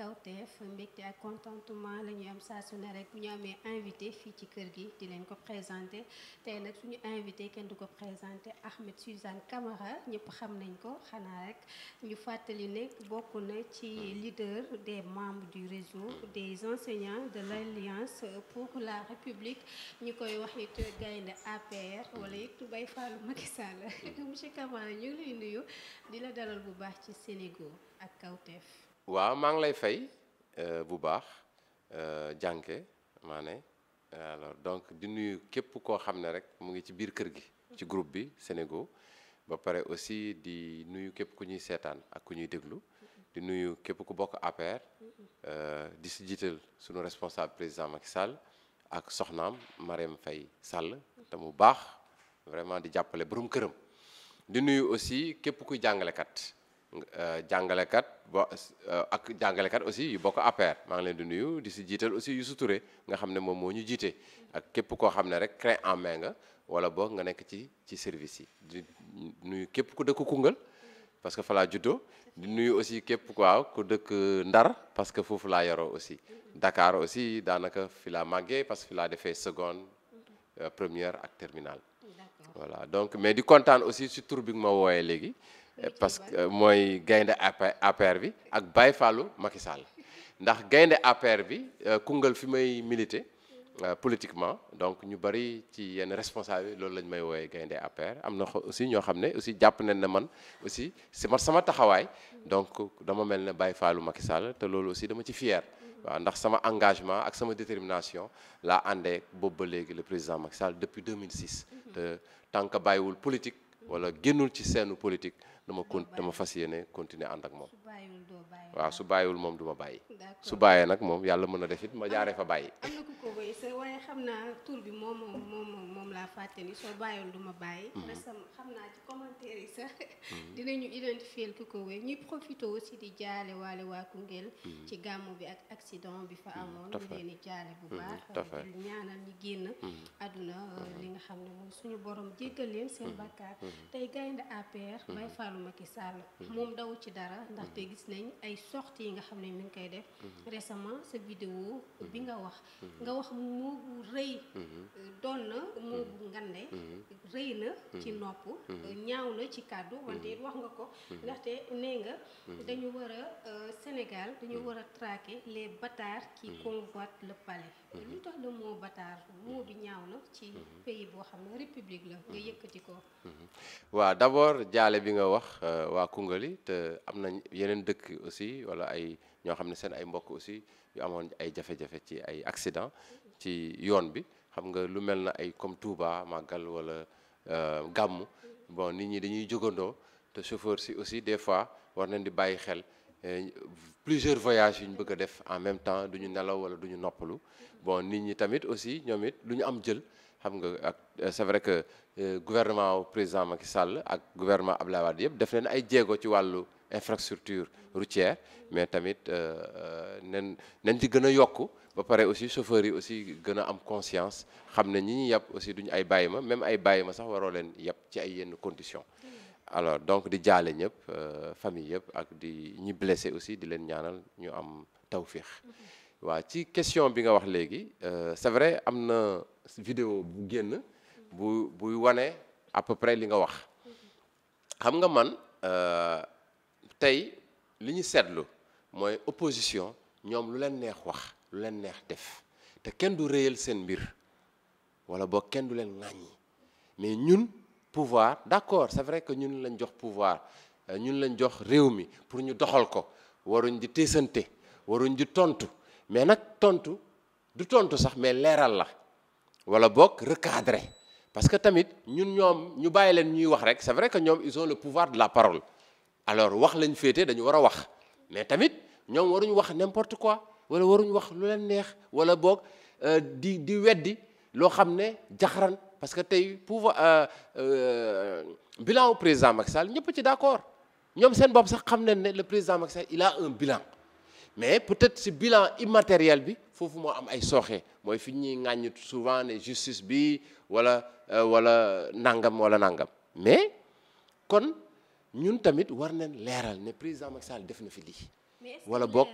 kawteef mbégte ak contentement la ñuy am saasu na ne rek bu ñu amee invité fii ci kër gi di leen ko présenté tey nag suñu invité kenn du ko présenté Ahmed Suzanne Camara ñëpp xam nañ ko xanaa rek ñu fàttali ne bokk na ci leader des membres du réseau des enseignants de l'Alliance pour la République ñu koy wax it gaynde APR wala it Baye Fallou Macky Sall monsieur Camara ñu lay nuyu di la bu baax ci Sénégal ak kawteef waaw maa ngi lay fay euh, bu baax jànke maa ne alors donc di nuyu képp koo xam ne rek mu ngi ci biir kër gi ci groupe bi Sénégo ba pare aussi di nuyu képp ku ñuy seetaan ak ku ñuy déglu di nuyu képp ku bokk APR euh, di si jiital sunu responsable président Macky Sall ak soxnaam Marème Faye sàll te mu baax vraiment di jàppale borom këram di nuyu aussi képp kuy jàngalekat Eh, jàngalekat bo eh, ak jàngalekat aussi yu bokk APR maa ngi leen di nuyu di si jiital aussi yu Touré nga xam ne moom moo ñu jiite ak képp koo xam ne rek crain en main nga wala boog nga nekk ci ci service yi di nuyu képp ku dëkk Koungheul parce que fa laa juddoo di nuyu aussi képp ku waaw ku dëkk Ndar parce que foofu laa yaroo aussi Dakar aussi daanaka fi laa màggee parce que fi laa defee seconde eh, première ak terminale voilà donc mais di kontaan aussi si tur léegi Euh, parce que euh, mooy gaynde appaire bi ak Baye Fallou Macky ndax gaynde appaire bi euh, Koungheul fi may militer politiquement donc ñu bari ci yenn responsable loolu lañ may wooyee gaynde APR am na aussi ñoo xam ne aussi jàpp nañ ne man aussi si ma sama taxawaay donc dama mel ne Baye Fallou Macky Sall te loolu aussi dama ci fier waaw ndax sama engagement ak sama détermination laa àndee boobu ba léegi le président Macky Sall depuis 2006 te tant que bàyyiwul politique wala génnul ci seenu politique dama con dama fas yéene continuer ànd ak moom. waaw su bàyyiwul moom du ma bàyyi. su bàyyee nag moom yàlla mën a def it ma jaaree fa bàyyi. am na ku ko wéy sa waaye xam naa tur bi moom moom moom laa fàtte ni soo bàyyiwul du ma bàyyi. Mhm. parce que xam mhm. ko wéy ñuy profité di jaale waale mhm. ci gàmmu bi ak bi fa amoon. ñu leen di jaale bu euh, ne moom suñu borom jéggal leen seen bakkaar. tey gaynde APR. Baye Fallou Macky Sall moom daw ci dara ndaxte. gis nañ ay sorties yi nga xam ne mi ngi koy def mhm. récemment sa vidéo bi mhm. nga wax mhm. nga wax moo bu rëy doon na moo bu ngande rëy na ci nopp ñaaw na ci kàddu wante it wax nga ko ndaxte nee dañu war a euh, Sénégal dañu war a traquer les bâtards qui convoitent le palais lu tax le mot bâtard mot bi ñaaw na ci mhm. pays boo xam ne république la nga yëkkati ko. Mhm. waaw d' abord jaale bi nga wax euh, waa Koungheul te am nañ yeneen dëkk aussi wala ay ñoo xam ne seen ay mbokk aussi yu amoon ay jafe-jafe ci ay accident ci yoon bi xam nga lu mel na ay comme Touba Magal wala euh, Gàmmu bon nit ñi dañuy jógandoo te chauffeur si aussi des fois war nañ di bàyyi xel. Euh, plusieurs voyages yu ñu bëgg a def en même temps du ñu nelaw wala du ñu noppalu bon nit ñi tamit aussi ñoom it lu ñu am jël xam nga ak euh, c'est vrai que euh, gouvernement président Macky Sall ak gouvernement Abdoulaye Wade yëpp def leen ay jéego ci wàllu infrastructure routière mais tamit nen nen ci gën a yokk ba pare aussi chauffeurs yi aussi gën a am conscience xam ne ñi ñuy yàpp aussi duñu ay bàyyi ma même ay bàyyi ma sax waroo leen yàpp ci ay yenn conditions alors donc di jaale ñëpp euh, famille yëpp ak di ñi blessé aussi di leen ñaanal ñu am tawféex mm-hmm. waaw ci question bi nga wax léegi euh, c'est vrai am na vidéo bu génn bu buy wane à peu près li nga wax mm-hmm. xam nga man euh, tey li ñu seetlu mooy opposition ñoom lu leen neex wax lu leen neex def te kenn du réyal seen mbir wala boog kenn du leen ŋàññi mais ñun pouvoir d'accord c'est vrai que ñun lañ jox pouvoir euh, ñun lañ jox réew mi pour ñu doxal ko waruñ di téesante waruñ di tontu mais nag tontu du tontu sax mais leeral la wala boog recadrer parce que tamit ñun ñoom ñu bàyyi leen ñuy wax rek c'est vrai que ñoom ils ont le pouvoir de la parole alors wax lañ féete dañu war a wax mais tamit ñoom waruñu wax n'importe quoi wala waruñ wax lu leen neex wala boog euh, di di weddi loo xam ne jaxaran parce que tey pouvoir euh, euh, bilan au président Macky Sall ñëpp ci d' accord ñoom seen bopp sax xam nañ ne le président Macky Sall il a bilan mais peut-être si bilan immatériel bi foofu moo am ay sooxe mooy fi ñuy ŋàññi souvent ne justice bi wala euh, wala nangam wala nangam mais kon ñun tamit war nañ leeral ne président Macky Sall def na fi lii. wala boog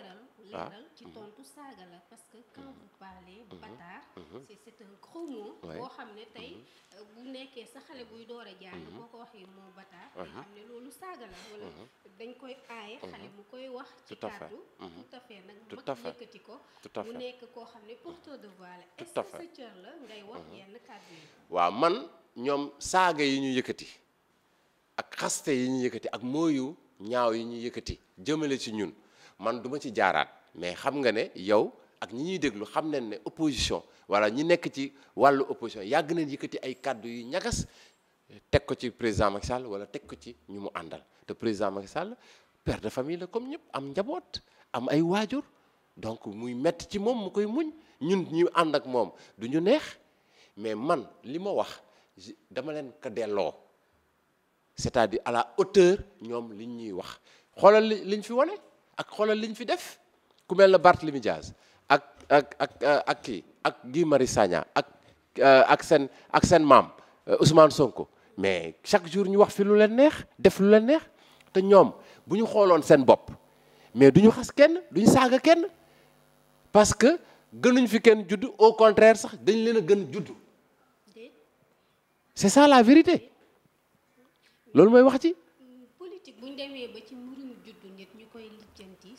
parler mhm. bâtard mhm. c'est c'est un gros xam ne tey mhm. euh, bu nekkee sa xale buy door a jàng boo ko waxee moo bâtard uh-huh. nga xam ne loolu saaga la wala uh-huh. dañ koy aaye uh-huh. xale mu koy wax ci kàddu tout nag mag yëkkati ko mu nekk koo xam ne porteur de voix la est-ce la ngay wax yenn kàddu yi waaw man ñoom saaga yi ñu yëkkati ak xaste yi ñu yëkkati ak mooyu ñaaw yi ñu yëkkati jëmale ci ñun man duma ci jaaraat mais xam nga ne yow ak ñi ñuy déglu xam nañ ne opposition wala ñi nekk ci wàllu opposition yàgg nañ yëkkati ay kàddu yu ñagas teg ko ci président Macky Sall wala teg ko ci ñu mu àndal te président Macky Sall père de famille la comme ñëpp am njaboot am ay waajur donc muy metti ci moom mu koy muñ ñun ñu ànd ak moom du ñu neex mais man li ma wax dama leen ko delloo c'est-à-dire à la hauteur ñoom liñ ñuy wax xoolal liñ fi wane ak xoolal li ñu fi def ku mel na Barthélémy Dias ak ak ak eh, ak kii ak Guy Marius Sagna ak eh, ak seen ak seen maam eh, Ousmane Sonko mais chaque jour ñu wax fi lu leen neex def lu leen neex te ñoom bu ñu xooloon seen bopp mais du ñu xas kenn du ñu saaga kenn parce que gënuñ fi kenn juddu au contraire sax dañ leen a gën judd c'est ça la vérité loolu mooy wax ci politique bu ñu ba ci mbirum juddu nit ñu koy lijjanti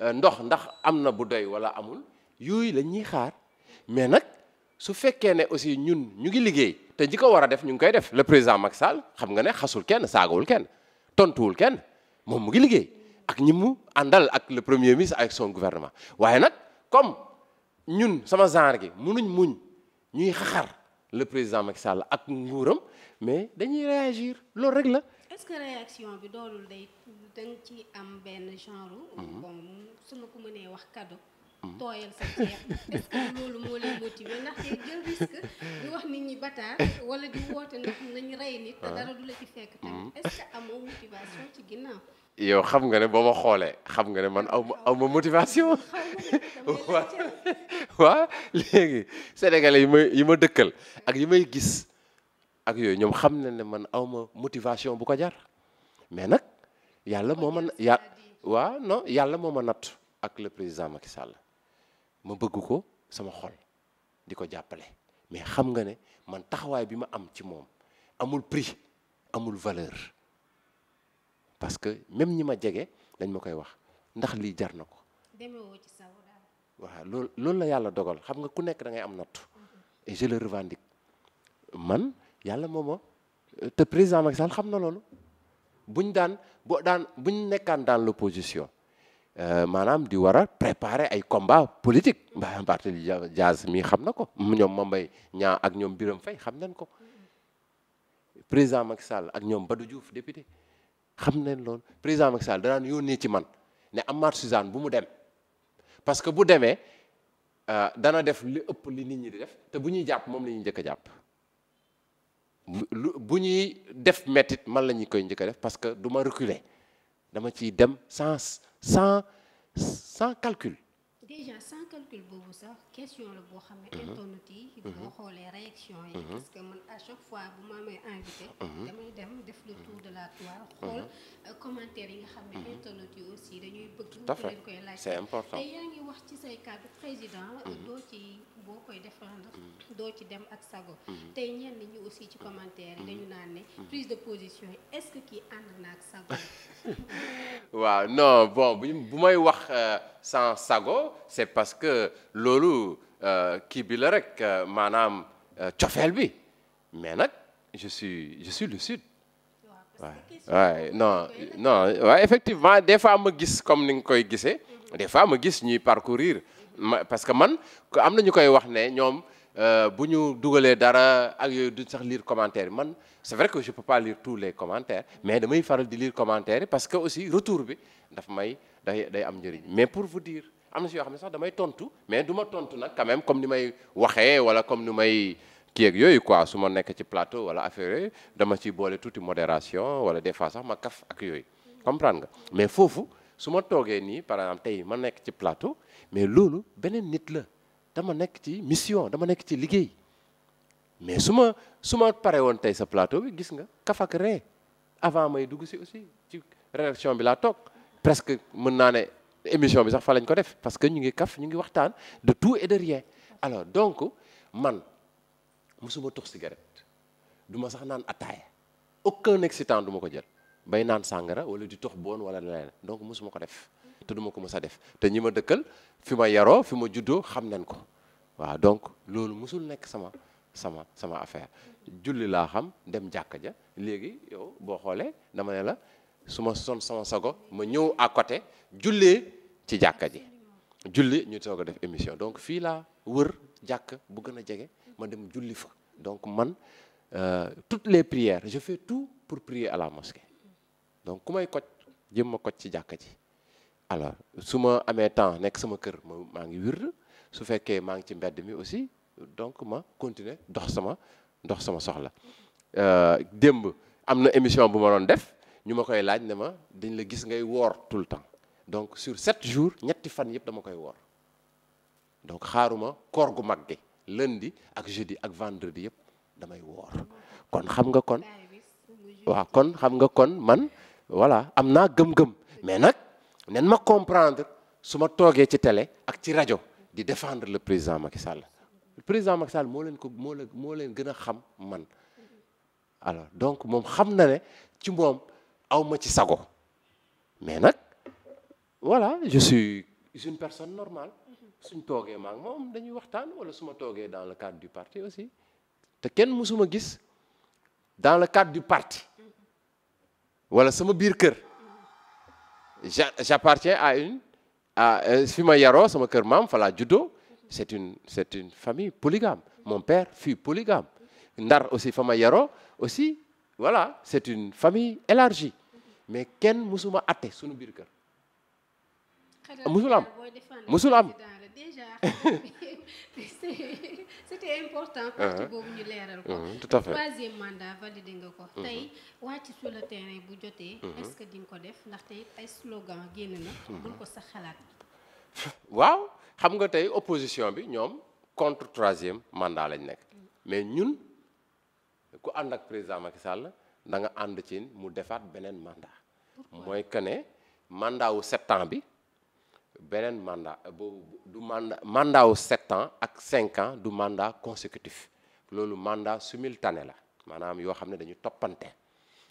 Euh, ndox ndax am na bu doy wala amul yooyu la ñuy xaar mais nag su fekkee ne aussi ñun ñu ngi liggéey te ñi ko war a def ñu ngi koy def le président Macky Sall xam nga ne xasul kenn saagawul kenn tontuwul kenn moom mu ngi liggéey ak ñi mu àndal ak le premier ministre ak son gouvernement waaye nag comme ñun sama genre gi munuñ muñ ñuy xaar le président Macky Sall ak nguuram mais dañuy réagir loolu rek la est-ce réaction bi doolul day danga ci am benn genre. Mhm. bon su ma ko mënee wax cadeau. Mhm. tooyal sa ceeb loolu moo leen motiver ndax tey jël risque di wax nit ñi bataar wala di woote ndax nañu rey nit. dara du la ci fekk tamit. Mhm. est-ce motivation ci ginnaaw. yow xam nga ne boo ma xoolee xam nga ne man aw ma aw ma motivation. waaw léegi sénégalais yi ma yi ma dëkkal ak yi may gis. ak yooyu ñoom xam na ne man awma motivation bu ko jar mais nag yàlla moo ma ya waaw non yàlla moo ma natt ak le président Macky Sall ma bëgg ko sama xol di ko jàppale mais xam nga ne man taxawaay bi ma am ci moom amul prix amul valeur parce que même ñi ma jege dañ ma koy wax ndax lii jar na ko. demewoo ci loolu la yàlla dogal xam nga ku nekk da ngay am natt et je revendique man. yàlla moo ma euh, te président Macky Sall xam na loolu bu ñu daan boo daan buñ nekkaan dans l'opposition euh, maanaam di war a préparer ay combat politique mbaa Barthélémy Dias mii xam na ko ñoom ma mbay ñaa ak ñoom biram Faye xam nañ ko président Macky Sall ak ñoom Badou Diouf député xam nañ loolu président Macky Sall danaan yónnee ci man ne Amath Suzanne bu mu dem parce que bu demee euh, dana def li ëpp li nit ñi di def te bu ñuy jàpp moom la ñuy njëkk a jàpp lu bu ñuy def mettit man la ñu koy njëkk a def parce que du reculer dama ciy dem sans sans sans calcul. calcul boobu sax question la boo xam ne mhm. internet yi mhm. boo xoolee réaction yi mhm. parce que man à chaque fois bu ma amee invité damay dem def le tour de la toile xool euh, commentaire yi nga xam ne internet yi aussi dañuy bëgg ñu leen koy laaj c'est te yaa ci say cadre président doo ci dem ak sago tey ñenn ñi aussi ci commentaire yi dañu naan ne prise de position yi est-ce que kii ànd na ak sago waaw non bu may wax euh, sans sago c'est parce que loolu eh, kii bi la rek eh, maanaam eh, cofeel bi mais nag je suis je suis le sud waaw waaw non non effectivement des fois ma gis comme ni nga koy gisee des fois ma gis ñuy parcourir ma parce que man am na ñu koy wax ne ñoom bu ñu dugalee dara ak yooyu du sax liir commentaire man c'est vrai que je peux pas lire tous les commentaires mais damay faral di lire commentaire parce que aussi retour bi daf may day day am njëriñ mais pour vous dire am na si yoo xam ne sax damay tontu mais du ma tontu nag quand même comme ni may waxee wala comme ni may kii ak yooyu quoi su ma nekk ci plateau wala affaire yooyu dama ci boole tuuti modération wala des fois sax ma kaf ak yooyu comprendre nga mais foofu su ma toogee nii par exemple tey ma nekk ci plateau mais loolu beneen nit la dama nekk ci mission dama nekk ci liggéey mais su ma su ma pare woon tey sa plateau bi gis nga kaf ak ree avant may dugg si aussi ci rédaction bi laa toog presque mën naa ne émission bi sax fa lañ ko def parce que ñu ngi kaf ñu ngi waxtaan de tout et de alors donc man musuma tux cigarette duma sax naan ataaya aucun excitant du ma ko jël bay naan sàngara wala di tux boon wala leneen donc musuma ko def te duma ko mës a def te ñi ma dëkkal fi ma yaroo fi ma juddoo xam nañ ko waaw donc loolu mësul nekk sama sama sama affaire julli laa xam dem jàkka ja léegi yow boo xoolee dama ne la su ma son sama sago ma ñëw à côté jullee ci jàkka ji julli ñu soog a def émission donc fii laa wër jàkk bu gën a jege ma dem julli fa donc man euh, toutes les prières je fais tout pour prier à la mosquée donc ku may koj jëm ma koj ci jàkka ji alors su ma amee temps nekk sama kër ma maa ngi wir su fekkee maa ngi ci mbedd mi aussi donc ma continuer dox sama dox sama soxla euh, démb am na émission bu ma doon def ñu ma koy laaj ne ma dañ la gis ngay woor tout le temps donc sur sept jours ñetti fan yëpp dama koy woor donc xaaruma koor gu mag gi lundi ak jeudi ak vendredi yëpp damay woor kon xam nga kon waaw kon xam nga kon man voilà am naa gëm-gëm mais nag nen ma comprendre su ma toogee ci tele ak ci rajo di défendre le président Macky Sall président Macky moo leen ko moo moo leen gën a xam man alors donc moom xam na ne ci moom aw ma ci sago mais nag voilà je suis une personne normale suñ toogee maa moom dañuy waxtaan wala su ma toogee dans le cadre du parti aussi te kenn mësuma gis dans le cadre du parti wala sama biir kër ja j'appartiens à une à euh, fi yaroo sama kër maam falaa judo juddoo c'est une c'est une famille polygame mon père fut polygame ndar aussi fa ma yaroo aussi voilà c'est une famille élargie mais kenn musuma atte suñu biir kër ah, musul am musul am déjà c'était important parti uh-huh. boobu ñu leeral ko uh-huh, tout à fait troisième mandat validé nga ko uh-huh. tey wàcc sur le terrain bu jotee est que di nga ko def ndaxte ay slogan génn na bul ko sa xalaat waaw xam nga tey opposition bi ñoom contre troisième mandat lañ nekk mm. mais ñun ku ànd ak président Macky Sall da nga ànd ci mu defaat beneen mandat. mooy que ne mandat wu bi beneen mandat boobu du mandat mandat wu ak cinq ans du mandat consécutif loolu mandat simultané la maanaam yoo xam ne dañu toppante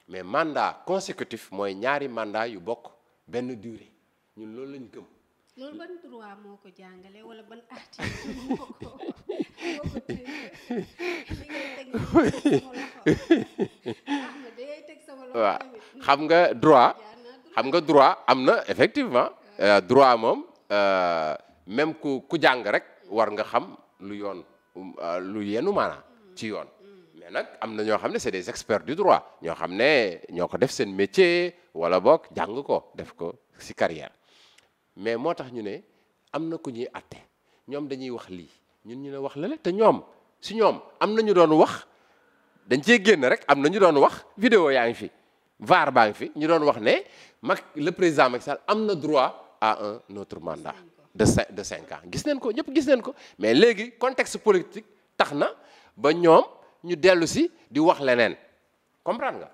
mais mandat consécutif mooy ñaari mandat yu bokk benn durée ñun loolu lañ gëm. loolu waaw xam nga droit xam nga droit am na effectivement euh, droit moom euh, même ku ku jàng rek war nga xam lu yoon euh, lu yenu maanaa ci mm. yoon mm. mais nag am na ñoo xam ne c'est des experts du droit ñoo xam ne ñoo ko def seen métier wala boog jàng ko def ko ci carrière mais moo tax ñu ne am na ku ñuy atte ñoom dañuy wax lii ñun ñu ne wax la le te ñoom si ñoom am na ñu doon wax dañ cee génn rek am na ñu doon wax vidéo yaa ngi fi vaar baa ngi fi ñu doon wax ne mag le président Macky Sall am na droit à un autre mandat de cinq de cinq ans gis neen ko ñëpp gis neen ko mais léegi contexte politique tax na ba ñoom ñu dellu si di wax leneen comprendre nga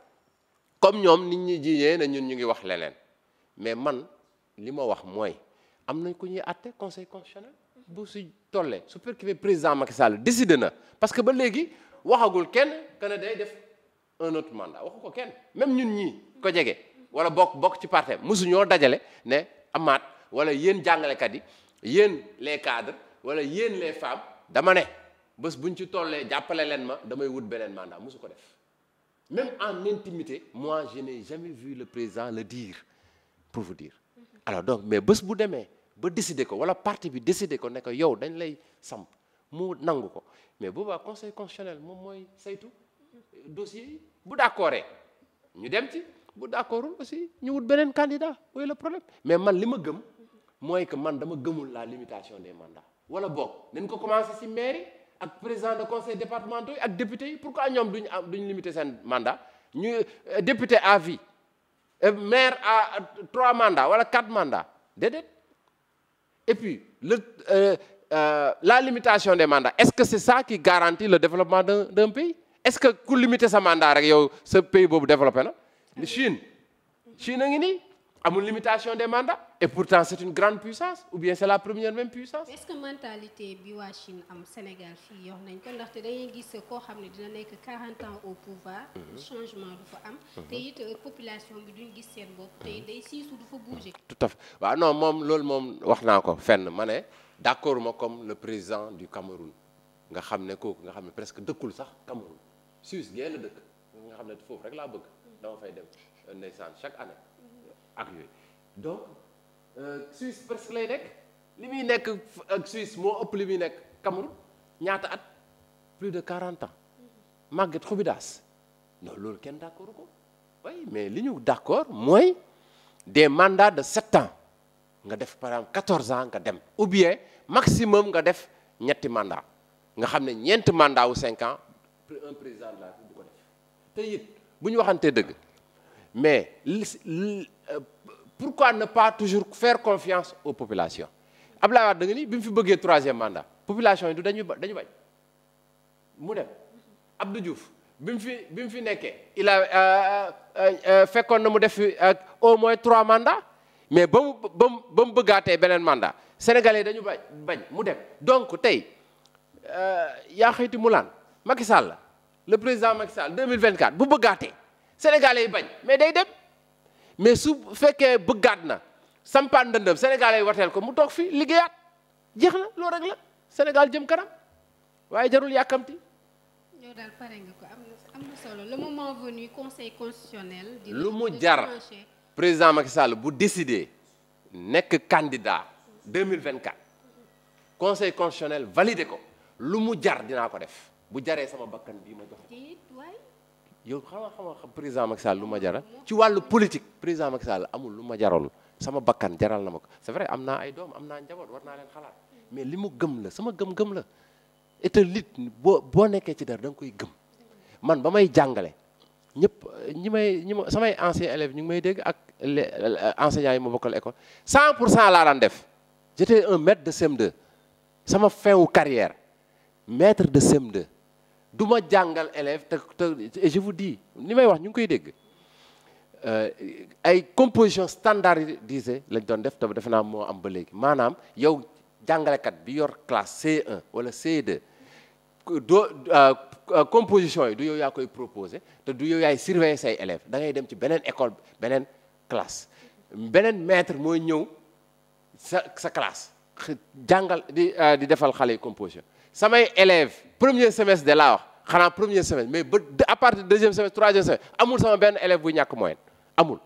comme ñoom nit ñi jiiñee ne ñun ñu ngi wax leneen mais man li ma wax mooy am nañ ko ñuy àtte conseil constitutionnel bu si tollee su fekkee président Macky Sall décidé na parce que ba léegi waxagul kenn que day def un autre mandat waxu ko kenn même ñun ñii ko jege wala bokk bokk ci parti mosu ñoo dajale ne amaat wala yéen jàngalekat yi yéen les cadres wala yéen les femmes dama ne bés buñ ci tollee jàppale leen ma damay wut beneen mandat mosu ko def même en intimité moi je n'ai jamais vu le président le dire pour vous alors donc mais bés bu demee ba décider ko wala parti bi décider ko ne yow dañ lay samp mu nangu ko mais boobaa conseil constitutionnel moom mooy saytu dossier yi bu d'accordee ñu dem ci bu d'accordul aussi ñu wut beneen candidat mooy le mais man li ma gëm mooy que man dama gëmul la limitation des mandats wala boog nañ ko commencé ci mairie ak président de conseil départemental ak député yi pour pourquoi ñoom duñ am duñ limiter seen mandat ñu euh, député à vie Euh, maire à trois mandats wala quatre mandats déedéet et puis le euh, euh, la limitation des mandats est-ce que c'est ça qui garantit le développement d'un d'un pays est-ce que ku limiter sa mandat rek yow sa pays boobu développé na Chine Chine a ngi amul limitation de mandats et pourtant c'est une grande puissance ou bien c'est la première même puissance. est-ce que mentalité bi waa Chine am Sénégal fii yor nañ ko ndaxte dañuy xam ne dina nekk 40 ans au pouvoir. Mhm. changement du fa am. Mhm. te euh, population bi gis seen bopp. Mhm. tout à fait waaw non moom loolu moom wax naa ko fenn ma ne d'accord ma comme le président du Cameroun nga xam ne kooku nga xam ne presque dëkkul sax Cameroun Suisse génn dëkk nga xam ne foofu rek laa bëgg dama fay dem euh, ndeysaan chaque année. ak yooyu donc euh, Suisse presque lay nekk li muy nekk ak Suisse moo ëpp li muy nekk Cameroun ñaata at plus de quarante ans magget Xubidaas non loolu kenn d'accord ko oui mais li ñu d'accord mooy des mandats de 7 ans nga def par exemple 14 nga dem ou bien maximum nga def ñetti mandat nga xam ne ñeenti mandat wu 5 ans un te it bu ñu waxantee dëgg mais Euh, pourquoi ne pas toujours faire confiance aux populations Abdoulaye Wade da nga ni bi mu fi bëggee troisième mandat population yi du dañuy dañu bañ mu dem Abdou Diouf bi mu fi bi mu fi nekkee il a euh, euh, fekkoon na mu def fi au moins trois mandats mais ba mu ba mu ba mu bëggaatee beneen mandat sénégalais dañu bañ bañ mu dem donc tey yaa xëyti mulaan Macky Sall le président Macky Sall 2024 bu bëggaatee sénégalais bañ mais day dem. mais su fekkee bëggaat na sampaan ndëndëm Sénégal ay wateel ko mu toog fii liggéeyaat jeex na loo rek la Sénégal jëm kanam waaye jarul yàkkamti. yow daal pare nga ko am na solo lu mu jar président Macky Sall bu décidé nekk candidat 2024 conseil constitutionnel validé ko lu mu jar dinaa ko def bu jaree sama bakkan bii ma jox yow xaw xama xam président Macky lu ma jaral ci wàllu politique président Macky Sall amul lu ma jaral sama bakkan jaral na ma ko c'est vrai am naa ay doom am naa njaboot war naa leen xalaat mais li mu gëm la sama gëm-gëm la et te boo boo nekkee ci dara da nga koy gëm man ba may jàngale ñëpp ñi may ñi ma samay anciens élèves ñu ngi may dégg ak les enseignants yi ma bokkal école 100 pour cent laa daan def j'étais un maître de cm de sama fin wu carrière maître de cm du ma jàngal élève te te je li may wax ñu ngi koy dégg euh, ay composition standardisée lañ doon def te defe naa moo am ba léegi maanaam yow jàngalekat bi yor classe C1 wala C2 euh, euh, composition yi du yow yaa koy proposé te du yow yaay surveiller say élèves da ngay dem ci beneen école beneen classe beneen maître mooy ñëw sa sa classe jàngal di di defal xale yi composition samay élèves premier semestre de laa wax xanaa premier semestre mais ba à partir de deuxième semestre troisième semestre amul sama benn élève bu ñàkk moyenne amul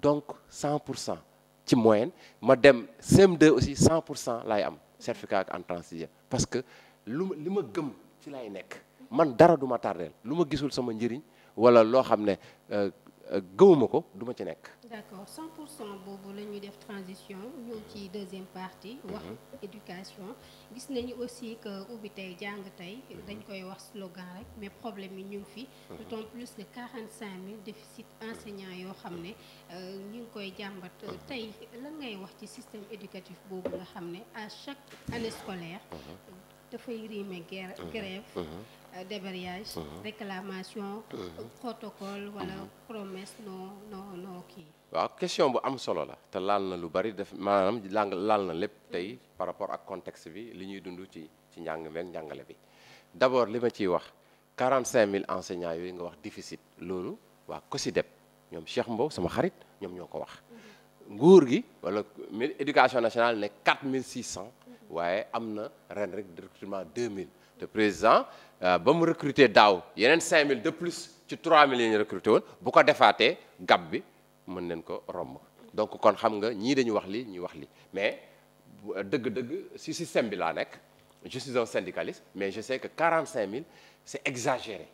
donc cent pour cent ci moyenne ma dem CM2 aussi cent pour cent laay am certificat ak entrée en sixième parce que lu li ma gëm ci lay nekk man dara duma ma tardeel lu ma gisul sama njëriñ wala loo xam ne euh, Euh, gëwuma ko du ma ci nekk. d'accord 100 pour cent boobu la ñuy def transition ñëw ci deuxième partie. Mhm. wax éducation gis nañu aussi que ubbi tey jàng tey. Mhm. dañ koy wax slogan rek mais problème yi ñu ngi fi. d'autant mhm. plus que 45000 déficit enseignants yoo xam ne euh, ñu ngi koy jàmbat. tey lan ngay wax ci système éducatif boobu nga xam ne à chaque année scolaire. dafay riime grève Euh, débrayage mhm. réclamation mhm. protocole wala mhm. promesse non kii waaw question bu am solo la te laal na lu bari def maanaam lang laal na lépp tey par rapport ak contexte bi li ñuy dund ci ci njàng meek njàngale bi d'abord li ma ciy wax 45000 enseignants yooyu nga wax déficit loolu waa COSYDEP ñoom Cheikh Mbow sama xarit ñoom ñoo ko wax nguur gi wala éducation nationale ne 4600 waaye am na ren rek directement 2000 te président Euh, ba mu recruter daaw yeneen mille de plus ci 3000 yi ñu recruter woon bu ko defaatee gab bi mën nañ ko romb donc kon xam nga ñii dañu wax lii ñuy wax li mais dëgg-dëgg si système bi laa nekk je suis un mais je sais que 45000 c'est exagéré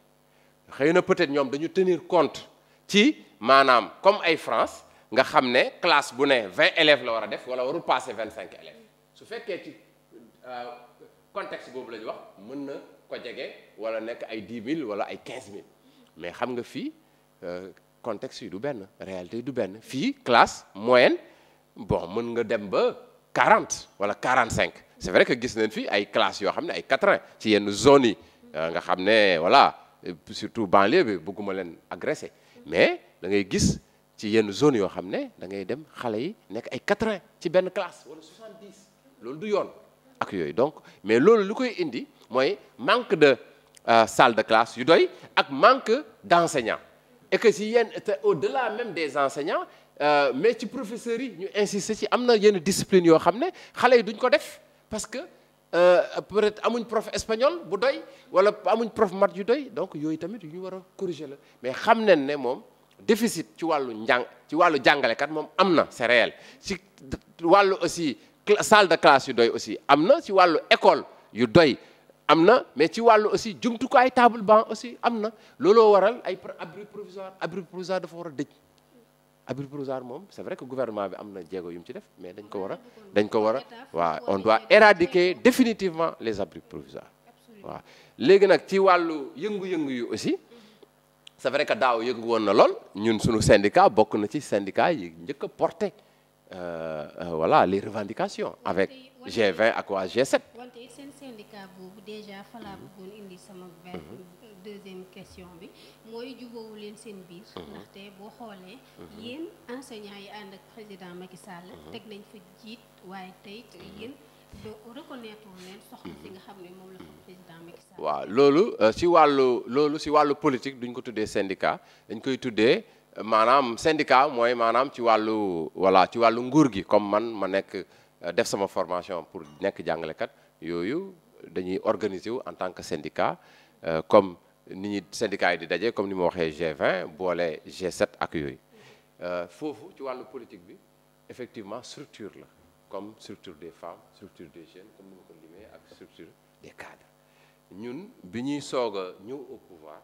xëy na peut-être ñoom dañu tenir compte ci maanaam comme ay France nga xam ne classe bu ne vingt élèves la war a def wala warul vingt cinq élèves su fekkee ci euh, contexte boobu la ñu wax fa jege wala nekk ay 10 mille wala ay 15 000 mais xam nga fii euh, contexte yi du benn réalité yi du benn fii classe moyenne bon mën nga dem ba 40 wala cinq c'est vrai que gis nañ fii ay classes yoo xam ne ay 80 ci yenn zones yi euh, nga xam ne voilà surtout banlieue bi bëgguma leen agressé mais da ngay gis ci yenn zones yoo xam ne da ngay dem xale yi nekk ay 80 ci benn classe wala loolu du yoon ak yooyu donc mais loolu lu koy indi. mooy manque de euh, salle de classe yu doy ak manque d'enseignants et que si yenn te au de la même des enseignants euh, mais ci professeurs yi ñu insister si am na yenn discipline yoo xam ne xale yi duñ ko def parce que euh, peut-être amuñ prof espagnol bu doy wala amuñ prof maths yu doy donc yooyu tamit yu ñu war a corriger la mais xam nañ ne moom déficit ci wàllu njàng ci wàllu jàngalekat moom am na c'est réel ci wàllu aussi salle de classe yu doy aussi am na ci wàllu école yu doy am na mais ci wàllu aussi jumtukaay table banc aussi am na looloo waral ay abri provisoire abri provisoire dafa war a dëj abri provisoire moom c'est vrai que gouvernement bi am na jéego yu mu ci def mais dañ ko war a dañ ko war a waaw on doit éradiquer définitivement les abris provisoires waaw léegi nag ci wàllu yëngu-yëngu yu aussi c'est vrai que daaw yëngu woon na lool ñun suñu syndicat bokk na ci syndicat yi njëkk a porté euh, euh, voilà les revendications avec G20 ak waa G7. wante seen syndicat boobu déjà fa bëggoon indi sama. Mhm. deuxième question bi mooy jubóowu leen seen biir. Mhm. ndaxte boo xoolee. Mhm. yéen enseignants yi ànd ak président Macky Sall. teg nañ fa jiit waaye tey yéen. waaw loolu euh, si wàllu loolu si wàllu politique duñ ko tuddee syndicat dañ koy tuddee euh, maanaam syndicat mooy maanaam ci wàllu voilà ci wàllu nguur gi comme man ma nekk Euh, def sama formation pour nekk jàngalekat yooyu dañuy organiser wu en tant que syndicat euh, comme ni ñuy syndicat yi di daje comme ni ma waxee g boole G7 ak yooyu euh, foofu ci wàllu politique bi effectivement structure la comme structure des femmes structure des jeunes comme ni ma ko limee ak structure des cadres ñun bi ñuy soog a ñëw au pouvoir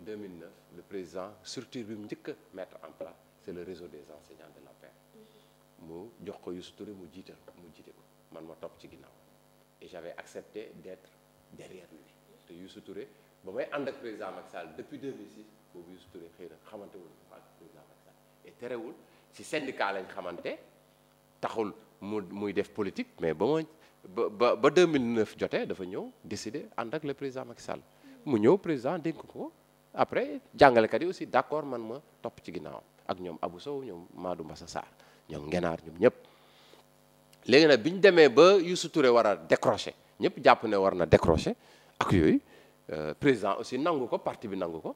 2009 le président structure bi mu njëkk a mettre en place c'est le réseau des enseignants de la mu jox ko Youssou Touré mu jiital ko mu jiite ko man ma topp ci ginnaaw et j'avais accepté d'être derrière lui ba may ànd ak président Macky Sall depuis 2006 boobu xëy na xamante wul ak président Macky Sall et xamante taxul mu muy def politique mais ba ma ba ba 2009 jotee dafa ñëw décider ànd ak le président Macky Sall mu ñëw président dénk ko après jàngalekat yi aussi d'accord man ma topp ci ginnaaw ak ñoom Abou Sow ñoom Madou Mbassa Sarr ñoom ngenaar ñoom ñëpp léegi nag bi ñu demee ba Youssou Touré war a décrocher ñëpp jàpp ne war na décroché ak yooyu euh, président aussi nangu ko partie bi nangu ko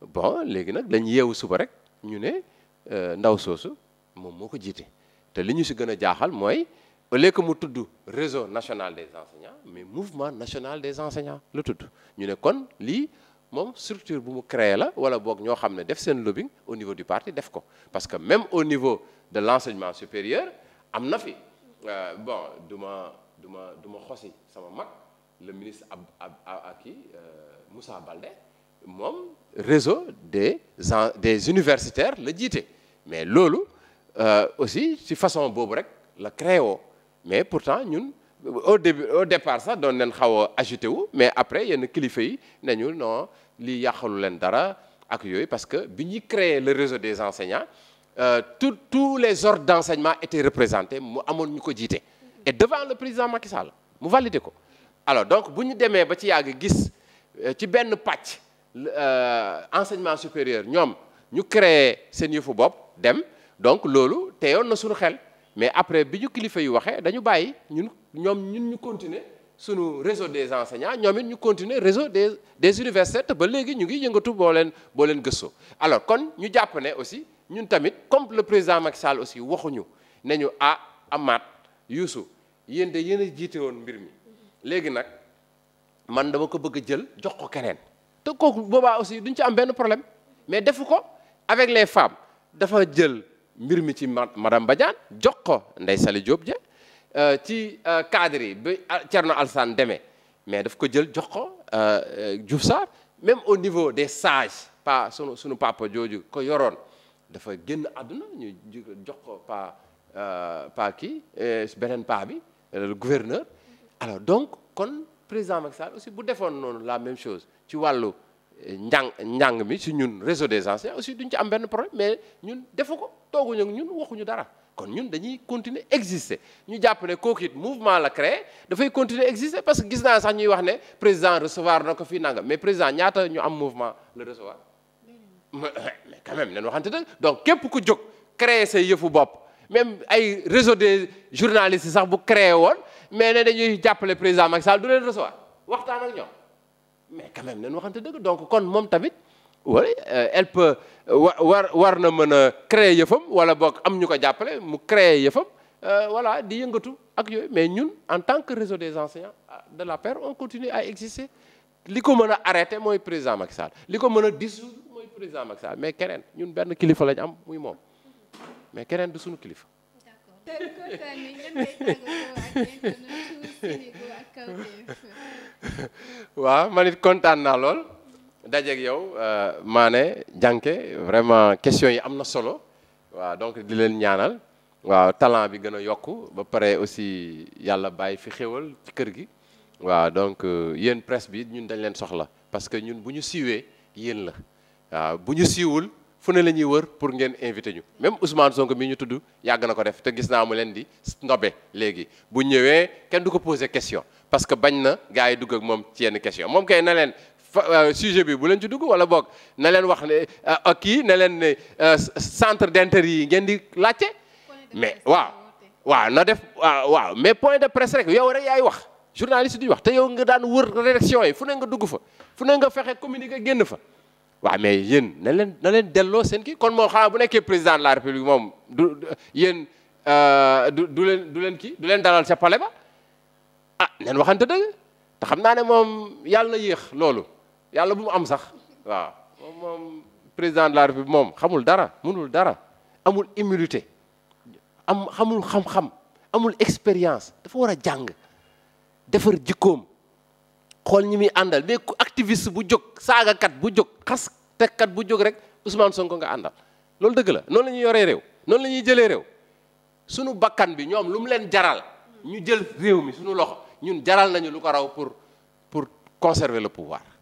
bon léegi nag dañ yeewu suba rek ñu ne euh, ndaw soosu moom moo ko jiite te li ñu si gën a jaaxal mooy au lieu mu tudd réseau national des enseignants mais mouvement national des enseignants la tudd ñu ne kon lii moom structure bu mu créer la wala boog ñoo xam ne def seen lobbying au niveau du parti def ko parce que même au niveau de l'enseignement supérieur am na fi euh, bon du ma du ma du xosi sama mag le ministre ab ab ak kii euh, Moussa Baldé moom réseau des en des universitaires la jiite mais loolu euh, aussi si façon boobu rek la créé woo mais pourtant ñun au début au départ sax doon leen xaw a agité wu mais après yenn kilifa yi nañu non lii yàqalu leen dara ak yooyu parce que bi ñuy créer le réseau des enseignants Euh, tout tous les ordres d'enseignement étaient représenté mu amoon ñu ko jiite et devant le président Macky Sall mu validé ko alors donc bu ñu demee ba ci yàgg gis euh, ci benn pàcc euh, enseignement supérieur ñoom ñu créer seen yëfu bopp dem donc loolu te yoon na sunu xel mais après bi ñu kilifa yu waxee dañu bàyyi ñun ñoom ñun ñu continuer sunu réseau des enseignants ñoom it ñu continuer réseau des des universités te ba léegi ñu ngi yëngatu boo leen boo leen gëstoo alors kon ñu jàpp ne aussi ñun tamit comme le président Macky Sall aussi waxuñu ne ñu ah Amath Youssou yéen de yéen a jiite woon mbir mi léegi nag man dama ko bëgg a jël jox ko keneen te kooku boobaa aussi duñ ci am benn problème mais defu ko avec les femmes dafa jël mbir mi ci madame Badiane jox ko ndey Saly Diop ja euh, ci euh, cadre yi ba euh, na Alassane demee mais daf ko jël jox ko Diouf Sarr même au niveau des sages pas sunu sunu papa jooju ko yoroon dafa génn àdduna ñu jox ko pa euh, pa kii euh, beneen pa bi euh, le gouverneur alors donc kon président Macky Sall aussi bu defoon noonu la même chose ci wàllu njàng njàng mi si ñun réseau des enseignants aussi duñ ci am benn problème mais ñun defu ko tooguñu ak ñun waxuñu dara kon ñun dañuy continuer existe ñu jàpp ne kooku it mouvement la créé dafay continuer exister parce que gis naa sax ñuy wax ne président recevoir na ko fii nangam mais président ñaata ñu am mouvement le recevoir Eh, mais quand même nañ waxante dëgg donc képp ku jóg créer sa yëfu bopp même ay réseau de journalistes sax bu créé woon mais ne dañuy jàppale président Macky Sall du leen recevoir waxtaan ak ñoom mais quand même nañ waxante dëgg donc kon moom tamit wala euh, elle peut euh, war war na mën a créer yëfam wala boog am ñu ko jàppale mu créer yëfam euh, voilà di yëngatu ak yooyu mais ñun en tant que réseau des enseignants de la paire on continue à exister li ko mën a arrêter mooy président Macky li ko mën a dissoudre président Macky mais keneen ñun benn kilifa lañ am muy moom mais keneen du suñu kilifa. waa man kontaan naa lool dajeeg yow euh, maane Dianké vraiment question yi am na solo waaw donc di leen ñaanal waa talent bi gën a yokk ba pare aussi yàlla bàyyi fi xéwal ci kër gi waaw donc euh, yéen presse bi ñun dañ leen soxla parce que ñun bu ñu siiwee yéen la waaw bu ñu siiwul fu ne la ñuy wër pour ngeen invité ñu même Ousmane Sonko mi ñu tudd yàgg na ko def te gis naa mu leen di nobe léegi bu ñëwee kenn du ko posé question parce que bañ na gars yi dugg ak moom ci yenn question moom kay na leen euh, sujet bi bu leen ci dugg wala boog na leen wax ne euh, ak kii na leen ne euh, centre d'intérêt yi ngeen di laajte mais waaw waaw na def waaw mais point de presse rek yow rek yaay wax journaliste duy wax te yow nga daan wër rédaction yi fu ne nga dugg fa fu ne nga fexe communiquer génn fa waaw mais yéen na leen na leen delloo seen kii kon moo xanaa bu nekkee président de la république moom du yéen euh, du du leen du leen kii du leen dalal ca palais ba ah neen waxante dëgg te xam naa ne moom yàlla na yéex loolu yàlla bu mu am sax waaw moom moom président la république moom xamul dara mënul dara amul immunité am xamul xam-xam amul expérience dafa war a jàng defar jikkoom xool ñi muy àndal mais ku activiste bu jóg saagakat bu jóg xas tekkat bu jóg rek Ousmane Sonko nga àndal loolu dëgg la noonu la ñuy yoree réew noonu la ñuy jëlee réew suñu bakkan bi ñoom lu mu leen jaral ñu jël réew mi suñu loxo ñun jaral nañu lu ko raw pour pour conserver le pouvoir